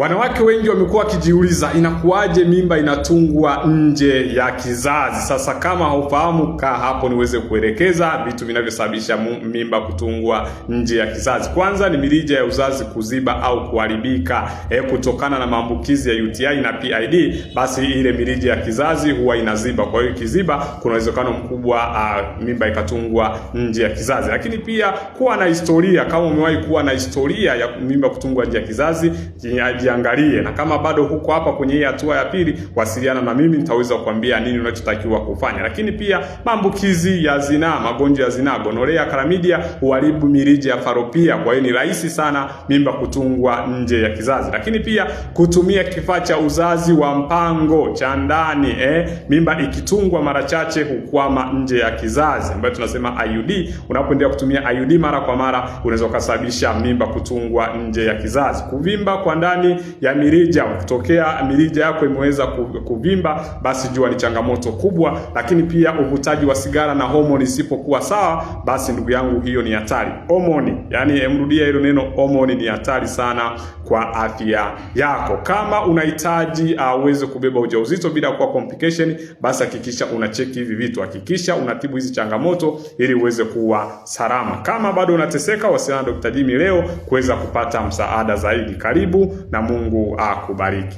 Wanawake wengi wamekuwa wakijiuliza inakuwaje mimba inatungwa nje ya kizazi. Sasa kama haufahamu, kaa hapo niweze kuelekeza vitu vinavyosababisha mimba kutungwa nje ya kizazi. Kwanza ni mirija ya uzazi kuziba au kuharibika e, kutokana na maambukizi ya UTI na PID, basi ile mirija ya kizazi huwa inaziba. Kwa hiyo ikiziba, kuna uwezekano mkubwa a, mimba ikatungwa nje ya kizazi. Lakini pia kuwa na historia, kama umewahi kuwa na historia ya mimba kutungwa nje ya kizazi jinyaji, ujiangalie, na kama bado huko hapa kwenye hii hatua ya pili, wasiliana na mimi, nitaweza kukwambia nini unachotakiwa kufanya. Lakini pia maambukizi ya zinaa, magonjwa ya zinaa, gonorea, karamidia huharibu mirija ya faropia, kwa hiyo ni rahisi sana mimba kutungwa nje ya kizazi. Lakini pia kutumia kifaa cha uzazi wa mpango cha ndani eh, mimba ikitungwa mara chache hukwama nje ya kizazi, ambayo tunasema IUD. Unapoendelea kutumia IUD mara kwa mara, unaweza ukasababisha mimba kutungwa nje ya kizazi. Kuvimba kwa ndani ndani ya mirija, kutokea mirija yako imeweza kuvimba, basi jua ni changamoto kubwa. Lakini pia uvutaji wa sigara na homoni isipokuwa sawa, basi ndugu yangu, hiyo ni hatari. Homoni, yani emrudia hilo neno homoni, ni hatari sana kwa afya yako. Kama unahitaji ah, uweze uh, kubeba ujauzito bila kuwa complication, basi hakikisha unacheki hivi vitu, hakikisha unatibu hizi changamoto ili uweze kuwa salama. Kama bado unateseka, wasiliana na Dr. Jimmy leo kuweza kupata msaada zaidi. Karibu na Mungu akubariki.